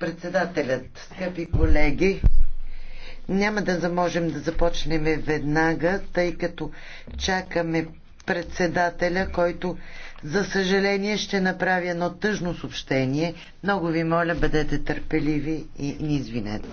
Председателят, скъпи колеги, няма да заможем да започнем веднага, тъй като чакаме председателя, който за съжаление ще направи едно тъжно съобщение. Много ви моля, бъдете търпеливи и ни извинете.